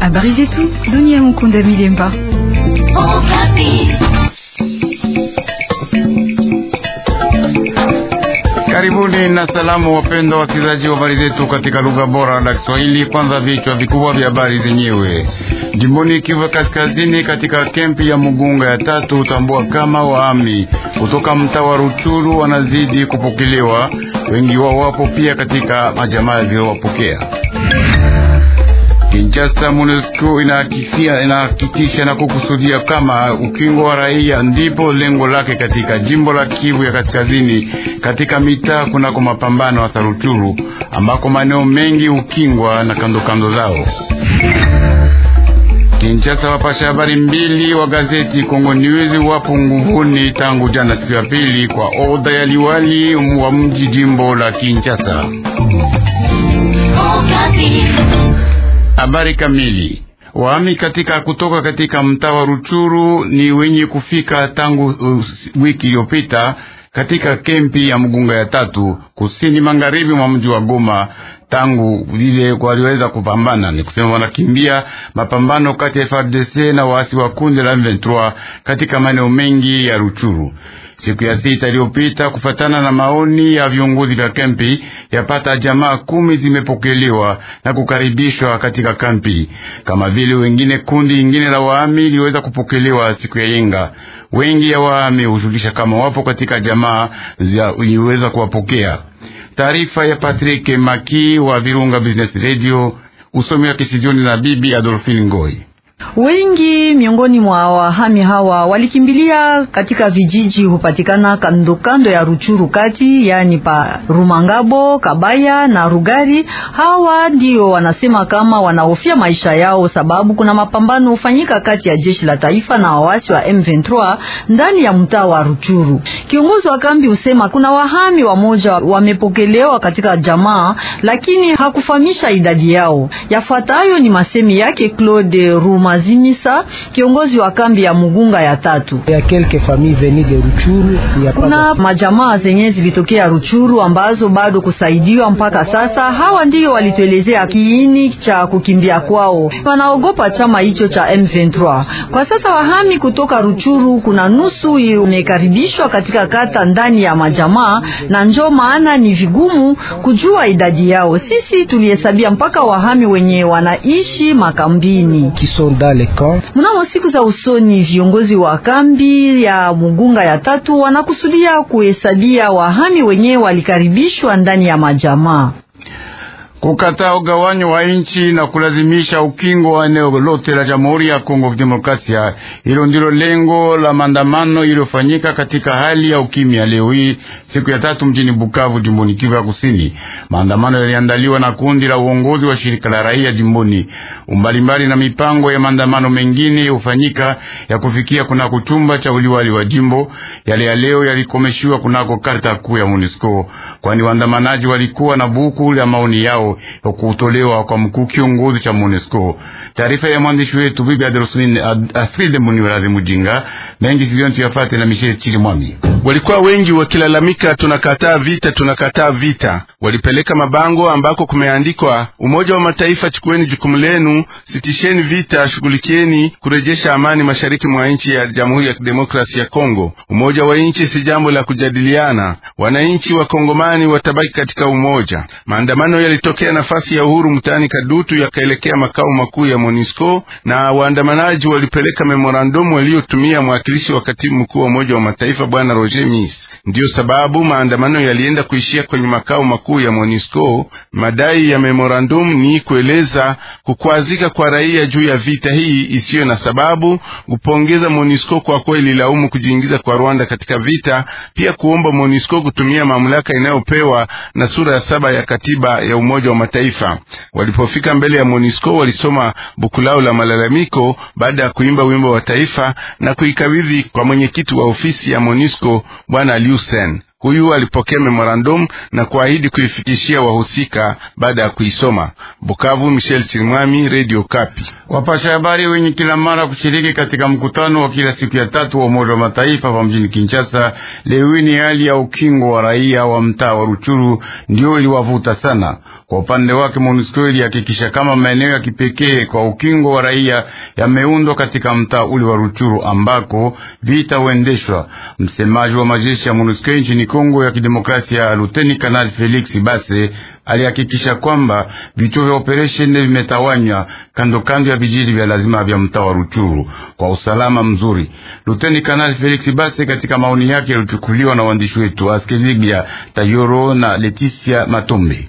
Habari zetu dunia. Mukunda Milemba. Karibuni na salamu, wapendwa wasikilizaji wa habari zetu katika lugha bora la Kiswahili. Kwanza vichwa vikubwa vya habari zenyewe. Jimboni Kivu Kaskazini, katika kempi ya Mugunga ya tatu, utambua kama waami kutoka mtaa wa Ruchuru wanazidi kupokelewa Wengi wao wapo pia katika majamaa zilizowapokea. Kinshasa, MONUSCO inahakikisha inahakikisha na kukusudia kama ukingo wa raia ndipo lengo lake katika jimbo la Kivu ya Kaskazini, katika mitaa kunako mapambano ya Saruturu ambako maeneo mengi ukingwa na kandokando zao Kinshasa, wapasha habari mbili wa gazeti Kongo News wapo nguvuni tangu jana siku ya pili kwa oda ya liwali wa mji jimbo la Kinshasa. Habari kamili waami katika kutoka katika mtaa wa Ruchuru ni wenye kufika tangu uh, wiki iliyopita katika kempi ya Mgunga ya tatu kusini magharibi mwa mji wa Goma tangu vile waliweza kupambana, ni kusema wanakimbia mapambano kati ya FARDC na waasi wa kundi la M23 katika maeneo mengi ya Ruchuru siku ya sita iliyopita. Kufatana na maoni ya viongozi vya kampi, yapata jamaa kumi zimepokelewa na kukaribishwa katika kampi, kama vile wengine kundi ingine la waami liweza kupokelewa siku ya yenga. Wengi ya waami hujulisha kama wapo katika jamaa ziliweza kuwapokea Taarifa ya Patrick Maki wa Virunga Business Radio, usomi wa kisijoni na Bibi Adolfine Ngoi. Wengi miongoni mwa wahami hawa walikimbilia katika vijiji hupatikana kando kando ya Ruchuru kati, yani pa Rumangabo, Kabaya na Rugari. Hawa ndio wanasema kama wanahofia maisha yao, sababu kuna mapambano hufanyika kati ya jeshi la taifa na waasi wa M23 ndani ya mtaa wa Ruchuru. Kiongozi wa kambi husema kuna wahami wamoja wamepokelewa katika jamaa, lakini hakufahamisha idadi yao. Yafuatayo ni masemi yake Claude Ruma mazimisa kiongozi wa kambi ya Mugunga ya tatu. Kuna majamaa zenye zilitokea Ruchuru ambazo bado kusaidiwa mpaka sasa. Hawa ndio walituelezea kiini cha kukimbia kwao, wanaogopa chama hicho cha M23. Kwa sasa wahami kutoka Ruchuru kuna nusu imekaribishwa katika kata ndani ya majamaa, na njo maana ni vigumu kujua idadi yao. Sisi tulihesabia mpaka wahami wenye wanaishi makambini Kisondi. Mnamo siku za usoni viongozi wa kambi ya Mugunga ya tatu wanakusudia kuhesabia wahami wenye walikaribishwa ndani ya majamaa kukataa ugawanyo wa nchi na kulazimisha ukingo wa eneo lote la Jamhuri ya Kongo Kidemokrasia. Hilo ndilo lengo la maandamano iliyofanyika katika hali ya ukimya leo hii siku ya tatu mjini Bukavu, jimboni Kivu ya Kusini. Maandamano yaliandaliwa na kundi la uongozi wa shirika la raia jimboni. Umbalimbali na mipango ya maandamano mengine hufanyika ya kufikia kunako chumba cha uliwali wa jimbo. Yale ya leo yalikomeshiwa kunako karta kuu ya UNESCO, kwani waandamanaji walikuwa na buku la maoni yao kutolewa kwa mkuu kiongozi cha MONUSCO. Taarifa ya mwandishi wetu bibi Adelosmin Astrid Muniwerazi Mujinga mengi sivyo, tuyafate na Michel Chili Mwami. Walikuwa wengi wakilalamika, tunakataa vita, tunakataa vita. Walipeleka mabango ambako kumeandikwa, Umoja wa Mataifa, chukueni jukumu lenu, sitisheni vita, shughulikieni kurejesha amani mashariki mwa nchi ya Jamhuri ya Kidemokrasi ya Kongo. Umoja wa nchi si jambo la kujadiliana, wananchi wa Kongomani watabaki katika umoja. Maandamano yalitokea kupitia nafasi ya uhuru mtaani Kadutu yakaelekea makao makuu ya monisco na waandamanaji walipeleka memorandumu waliotumia mwakilishi wa katibu mkuu wa Umoja wa Mataifa bwana Roger Miss. Ndiyo sababu maandamano yalienda kuishia kwenye makao makuu ya monisco Madai ya memorandum ni kueleza kukwazika kwa raia juu ya vita hii isiyo na sababu, kupongeza monisco kwa kuwa ililaumu kujiingiza kwa Rwanda katika vita, pia kuomba monisco kutumia mamlaka inayopewa na sura ya saba ya katiba ya Umoja Umoja wa Mataifa. Walipofika mbele ya MONUSCO walisoma buku lao la malalamiko baada ya kuimba wimbo wa taifa na kuikabidhi kwa mwenyekiti wa ofisi ya MONUSCO Bwana Liusen. Huyu alipokea memorandum na kuahidi kuifikishia wahusika baada ya kuisoma. Bukavu, Michel Chirimwami, Radio Kapi. Wapasha habari wenye kila mara kushiriki katika mkutano wa kila siku ya tatu wa Umoja wa Mataifa hapa mjini Kinshasa, lewini, ni hali ya ukingo wa raia wa mtaa wa Ruchuru ndio iliwavuta sana. Kwa upande wake, MONUSCO ilihakikisha kama maeneo ya kipekee kwa ukingo wa raia yameundwa katika mtaa ule wa Ruchuru ambako vita huendeshwa. Msemaji wa majeshi ya MONUSCO nchini Kongo ya Kidemokrasia, Luteni Kanali Felix Base alihakikisha kwamba vituo vya operesheni vimetawanywa kando kando ya vijiji vya lazima vya mtaa wa Ruchuru kwa usalama mzuri. Luteni Kanali Felix Base katika maoni yake yalichukuliwa na waandishi wetu Aske Tayoro na Leticia Matombe.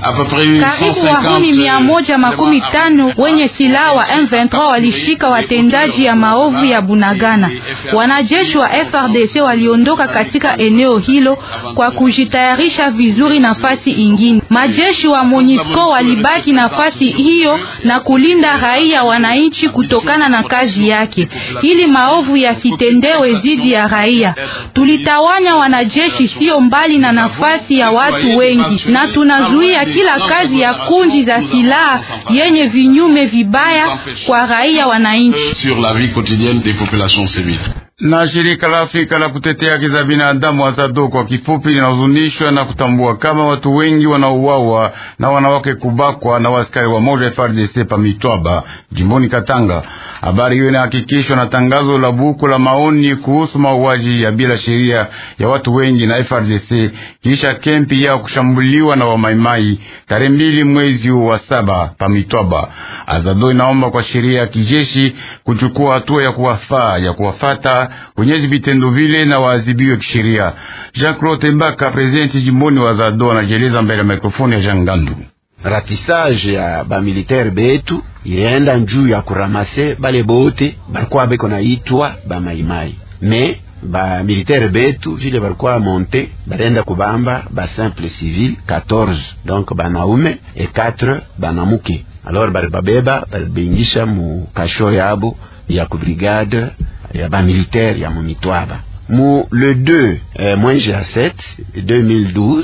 Karibu wahuni mia moja makumi tano wenye silaha wa M23 walishika watendaji ya maovu ya Bunagana. Wanajeshi wa FRDC waliondoka katika eneo hilo kwa kujitayarisha vizuri nafasi ingine. Majeshi wa MONUSCO walibaki nafasi hiyo na kulinda raia wananchi kutokana na kazi yake, ili maovu yasitendewe zidi ya raia. Tulitawanya wanajeshi sio mbali na nafasi ya watu wengi na tunazuia kila kazi ya kundi za silaha yenye vinyume vibaya kwa raia wananchi na shirika la Afrika la kutetea haki za binadamu ASADO kwa kifupi linahuzunishwa na kutambua kama watu wengi wanauawa na wanawake kubakwa na waskari wa moja frdc pa Mitwaba jimboni Katanga. Habari hiyo inahakikishwa na tangazo la buku la maoni kuhusu mauaji ya bila sheria ya watu wengi na frdc kisha kempi yao kushambuliwa na wamaimai tarehe mbili mwezi wa saba pa Mitwaba. ASADO inaomba kwa sheria ya kijeshi kuchukua hatua ya kuwafaa ya kuwafata wenyezi vitendo vile na waadhibiwe kisheria. Jean Claude Mbaka, prezidenti jimboni wa Zado, anajieleza mbele ya mikrofoni ya Jean Gandu. Ratisage ya bamiliteri betu ilienda njuu ya kuramase bale bote balikuwa beko naitwa bamaimai me bamiliteri betu vile balikuwa monte balenda kubamba ba simple civil 14 donc banaume e 4 banamuke alors balibabeba balibingisha mu kasho yabo ya kubrigade ya bamilitaire ya mumitwaba mu le 2 eh, mwenji ya 7 2012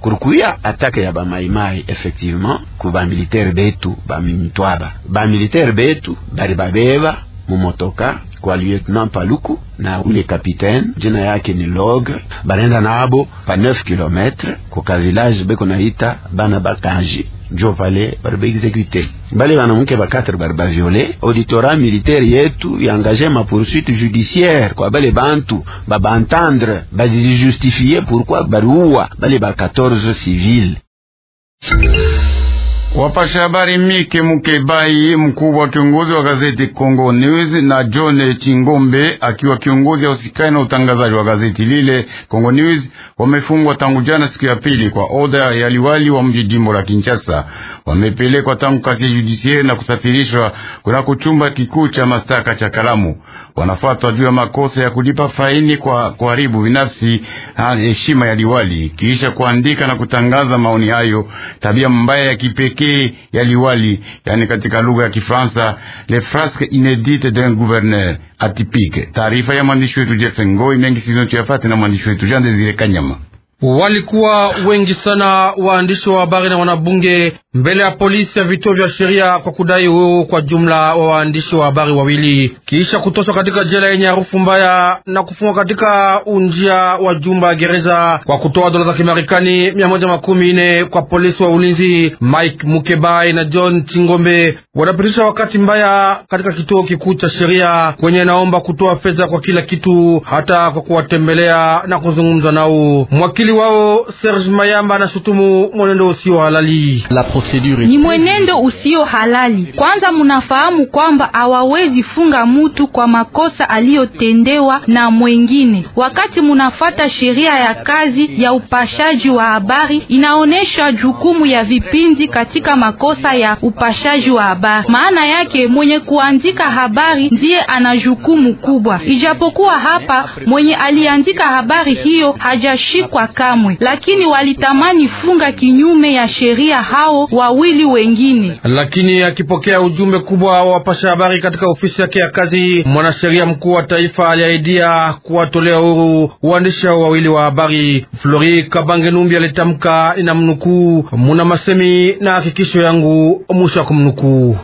kurikuya atake ya bamaimai effectivement ku bamilitaire betu bamumitwaba bamilitaire betu bari babeba mumotoka kwa lieutenant Paluku na ule kapitaine jina yake ni Log, banaenda nabo pa 9 kilometre kuka village beko naita bana bakanji njo pale bali baexekute bale banamuke bakatre barba baviole auditora militaire yetu yangaje ma poursuite judiciaire kwa bale bantu babantandre justifier pourquoi baliuwa bale ba 14 civile Wapasha habari Mike Mukebai, mkubwa wa kiongozi wa gazeti Congo News, na John Chingombe akiwa kiongozi ausikani na utangazaji wa gazeti lile Congo News, wamefungwa tangu jana siku ya pili kwa oda ya liwali wa mji jimbo la Kinshasa. Wamepelekwa tangu kati ya judisieri na kusafirishwa kunako chumba kikuu cha mastaka cha Kalamu wanafuata juu ya makosa ya kulipa faini kwa kuharibu binafsi heshima ya liwali, kisha kuandika na kutangaza maoni hayo. Tabia mbaya ya kipekee ya liwali, yani katika lugha ya Kifaransa, le frasque inédite d'un gouverneur atypique. Taarifa ya mwandishi wetu Jeff Ngoi mengi siziotuyafate na mwandishi wetu Jean Desire Kanyama. Walikuwa wengi sana waandishi wa habari na wanabunge mbele ya polisi ya vituo vya sheria kwa kudai uhuru kwa jumla wa waandishi wa habari wawili kisha kutoshwa katika jela yenye harufu mbaya na kufungwa katika unjia wa jumba ya gereza kwa kutoa dola za Kimarekani mia moja makumi nne kwa polisi wa ulinzi. Mike Mukebai na John Chingombe wanapitisha wakati mbaya katika kituo kikuu cha sheria kwenye naomba kutoa fedha kwa kila kitu, hata kwa kuwatembelea na kuzungumza nao Mwaki Wakili wao Serge Mayamba anashutumu mwenendo usio halali. La procedure ni mwenendo usio halali. Kwanza munafahamu kwamba hawawezi funga mutu kwa makosa aliyotendewa na mwengine. Wakati munafata sheria ya kazi ya upashaji wa habari, inaonesha jukumu ya vipindi katika makosa ya upashaji wa habari. Maana yake mwenye kuandika habari ndiye ana jukumu kubwa, ijapokuwa hapa mwenye aliandika habari hiyo hajashikwa kamwe, lakini walitamani funga kinyume ya sheria hao wawili wengine. Lakini akipokea ujumbe kubwa wa wapasha habari katika ofisi yake ya kazi, mwanasheria mkuu wa taifa aliahidia kuwatolea huru waandishi hao wawili wa habari. Flori Kabange Numbi alitamka, ina mnukuu, muna masemi na hakikisho yangu, mwisho wa kumnukuu.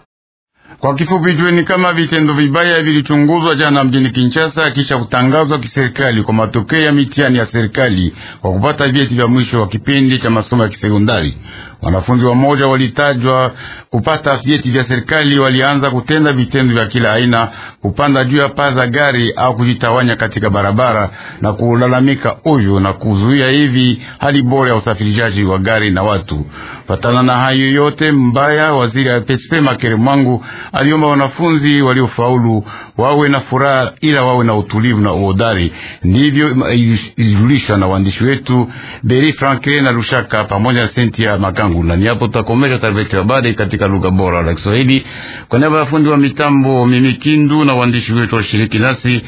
Kwa kifupi tu ni kama vitendo vibaya vilichunguzwa jana mjini Kinshasa kisha kutangazwa kiserikali kwa matokeo ya mitihani ya serikali kwa kupata vyeti vya mwisho wa kipindi cha masomo ya kisekondari. Wanafunzi wamoja walitajwa kupata vyeti vya serikali, walianza kutenda vitendo vya kila aina, kupanda juu ya paa za gari au kujitawanya katika barabara na kulalamika huyu na kuzuia hivi hali bora ya usafirishaji wa gari na watu. Patana na hayo yote mbaya, waziri wa PSP Makere Mwangu aliomba wanafunzi waliofaulu wawe na furaha, ila wawe na utulivu na uhodari. Ndivyo ilirudishwa na waandishi wetu Beri Franklin na Lushaka pamoja na senti ya Makangu. Na niapo tutakomesha taarifa yetu ya habari katika lugha bora la Kiswahili kwa niaba ya fundi wa mitambo mimi Kindu na waandishi wetu washiriki nasi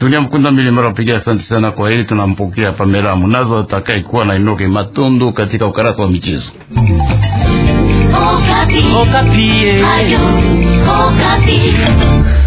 dunia mkunda mbili mara pigia, Asante sana kwa heri, tunampokea Pamela Munazo atakaye kuwa na Inoke Matondo katika ukarasa wa michezo. Okapi. Oh, Okapi. Oh, Ayo, Okapi. Oh,